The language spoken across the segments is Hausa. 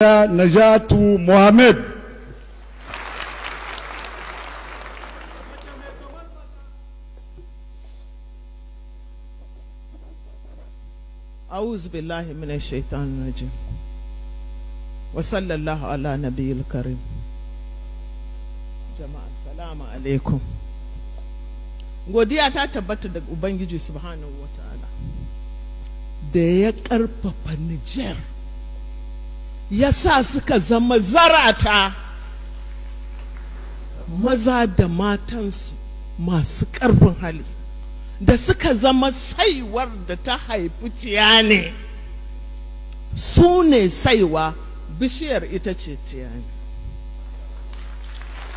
نجاة محمد أعوذ بالله من الشيطان الرجيم وصلى الله على نبي الكريم جماعة السلام عليكم ودي ta tabbata daga Ubangiji subhanahu wa ta'ala da ya sa suka zama zarata maza da matansu masu ƙarfin hali da suka zama saiwar da ta haifi tiyane su ne saiwa bishiyar ita ce tiyane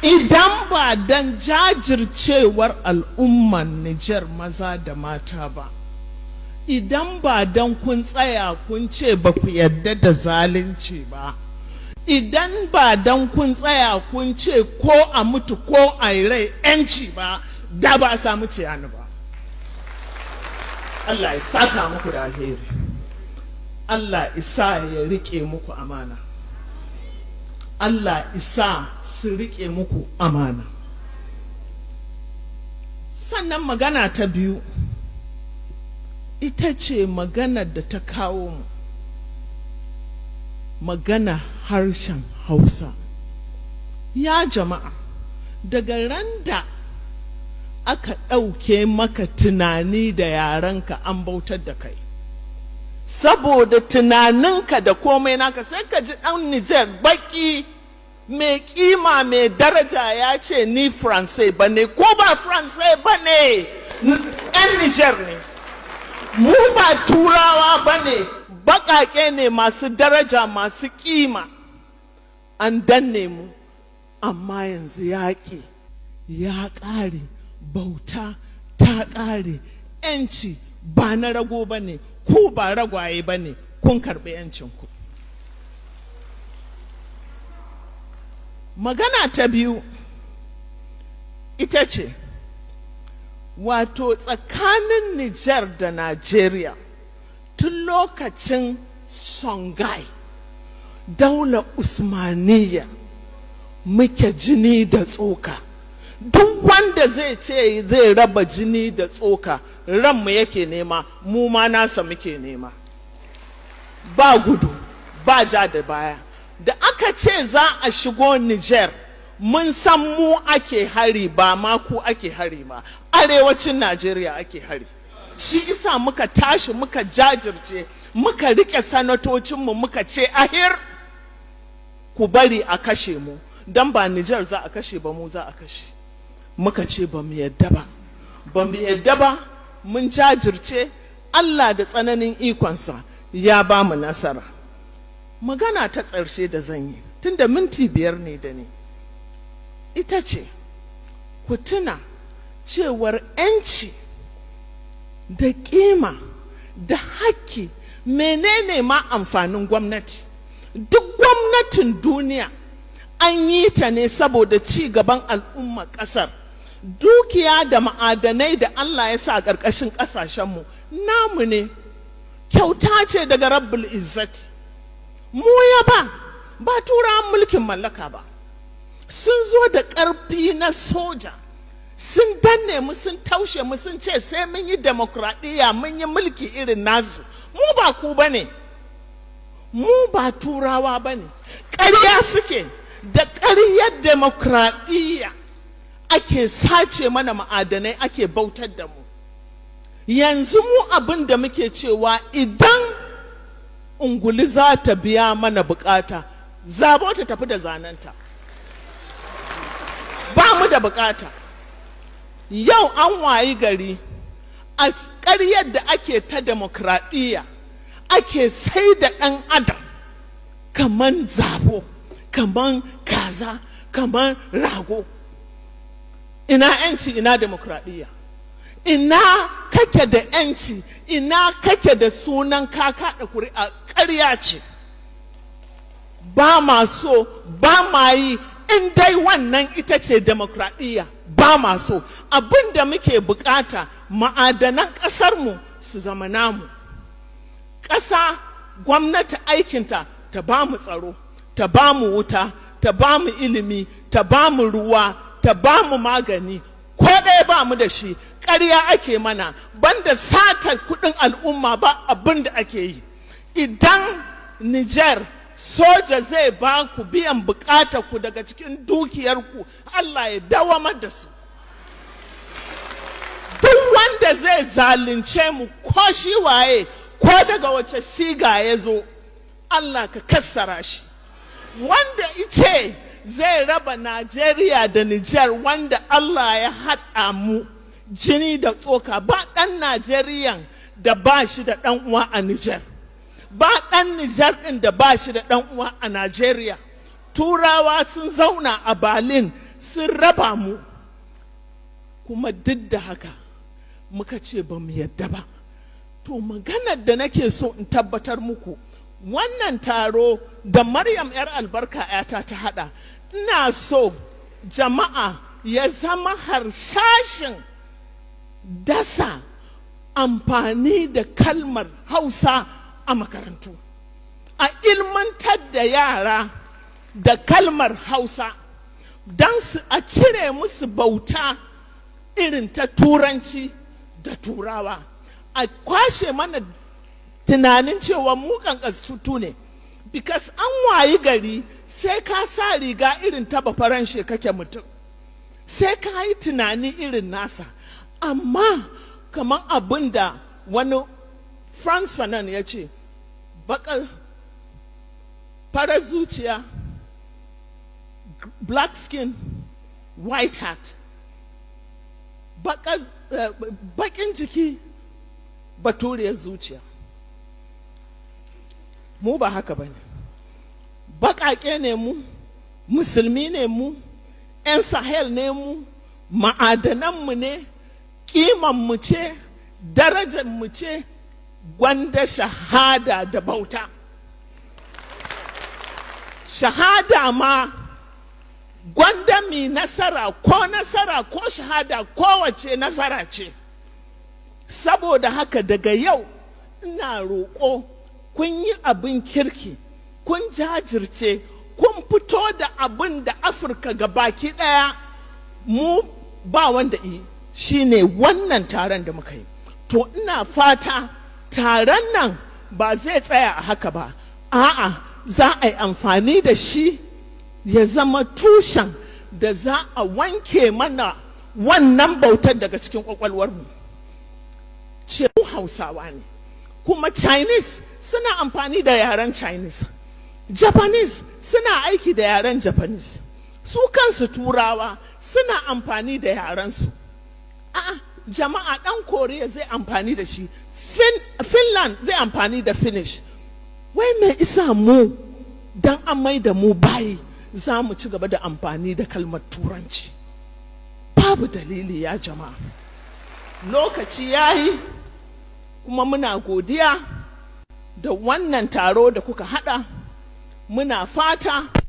idan ba don jajircewar al'umman Nijar maza da mata ba idan ba don kun tsaya kun ce ba ku yadda da zalunci ba idan ba don kun tsaya kun ce ko a mutu ko a rai 'yanci ba da ba a samu ciyani ba Allah ya saka muku da alheri Allah isa ya rike muku amana Allah isa su rike muku amana sannan magana ta biyu ita ce magana da ta kawo mu magana harshen hausa ya jama'a daga ran da aka ɗauke maka tunani da yarenka an bautar da kai saboda tunaninka da komai naka sai ka ji ɗan nijar baƙi mai ƙima mai daraja ya ce ni france ba ne ko ba france ba ne ɗan nijar ne mu ba turawa ba ne baƙaƙe ne masu daraja masu ƙima an danne mu amma yanzu yaƙi ya ƙare bauta ta ƙare 'yanci ba na rago ba ne ku ba ragwaye ba ne kun karɓi 'yancinku magana ta biyu ita ce wato tsakanin Nijar da Najeriya tun lokacin Songhai daula Usmaniyya muke jini da tsoka duk wanda zai ce zai raba jini da tsoka ranmu yake nema mu ma nasa muke nema ba gudu ba ja da baya da aka ce za a shigo Nijar mun san mu ake hari ba ma ku ake hari ma arewacin najeriya ake hari shi isa muka tashi muka jajirce muka rike sanatocinmu muka ce ahir ku bari a kashe mu don ba nijar za a kashe ba mu za a kashe muka ce ba mu yadda ba ba mu yadda ba mun jajirce allah da tsananin ikonsa ya ba mu nasara magana ta tsarshe da zan yi tunda minti biyar ne da ni ita ce ku tuna cewar 'yanci da ƙima da haƙƙi menene ma amfanin gwamnati duk gwamnatin duniya an yi ta ne saboda ci gaban al'umma ƙasar dukiya da ma'adanai da Allah ya sa a ƙarƙashin ƙasashenmu namu ne kyauta ce daga rabbul izzati mu ya ba ba tura mulkin mallaka ba sun zo da ƙarfi na soja sun danne mu sun taushe mu sun ce sai mun yi demokuraɗiyya mun yi mulki irin nasu mu ba ku ba ne mu ba turawa ba ne ƙarya suke da ƙaryar demokuraɗiyya ake sace mana ma'adanai ake bautar da mu yanzu mu abin da muke cewa idan unguli za ta biya mana bukata zabo ta tafi da zananta da bukata yau an wayi gari a ƙaryar da ake ta demokradiyya ake sai da ɗan adam kaman zabo kaman kaza kaman rago ina 'yanci ina demokradiyya ina kake da 'yanci ina kake da sunan kaka da a ƙarya ce ba ma so ba ma yi in dai wannan ita ce demokradiyya ba ma so abin da muke bukata ma'adanan ƙasarmu su zama namu ƙasa gwamnati aikinta ta ba mu tsaro ta ba mu wuta ta ba mu ilimi ta ba mu ruwa ta ba mu magani ko ɗaya ba mu da shi ƙarya ake mana banda satar kuɗin al'umma ba abin da ake yi idan niger soja zai ba ku biyan ku daga cikin dukiyarku Allah ya dawama da su duk wanda zai zalunce mu ko shi waye ko daga wace siga ya zo Allah ka kassara shi wanda ice zai raba Najeriya da Nijar wanda Allah ya haɗa mu jini da tsoka ba ɗan Najeriyan da ba shi da ɗan uwa a Nijar ba ɗan Nijar ɗin da ba shi da ɗan uwa a Najeriya. Turawa sun zauna a Berlin sun raba mu. Kuma duk da haka muka ce ba mu yadda ba. To maganar da nake so in tabbatar muku wannan taro da Maryam 'yar albarka 'yata ta haɗa ina so jama'a ya zama harshashin dasa amfani da kalmar hausa a makarantu a ilmantar da yara da kalmar hausa don su a cire musu bauta irin ta turanci da turawa a kwashe mana tunanin cewa mu kankasutu ne because an wayi gari sai ka sa riga irin taba faranshe kake mutum sai ka yi tunani irin nasa amma kamar abin da wani Franz Fanon ya ce, baƙar farar zuciya, black skin, white heart, baƙin eh, jiki, baturiyar zuciya. Mu ba haka ba ne. Baƙaƙe ne mu, musulmi ne mu, 'yan sahel ne mu, ma'adananmu ne, mu ce, mu ce, gwanda shahada da bauta shahada ma gwanda mai nasara ko nasara ko shahada kowace nasara ce saboda haka daga yau ina roƙo kun yi abin kirki kun jajirce kun fito da abin da afirka ga baki ɗaya mu ba wanda yi shine wannan taron da muka yi to ina fata taron nan ba zai tsaya a haka ba a'a za a yi amfani da shi ya zama tushen da za a wanke mana wannan bautar daga cikin kwakwalwarmu ce hausawa ne kuma chinese suna amfani da yaren chinese japanese suna aiki da yaren japanese su kansu turawa suna amfani da yaren su a'a jama'a ɗan korea zai amfani da shi finland zai amfani da finish wai mai isa mu don an mai da mu bayi za mu ci gaba da amfani da kalmar turanci babu dalili ya jama'a lokaci ya yi kuma muna godiya da wannan taro da kuka hada muna fata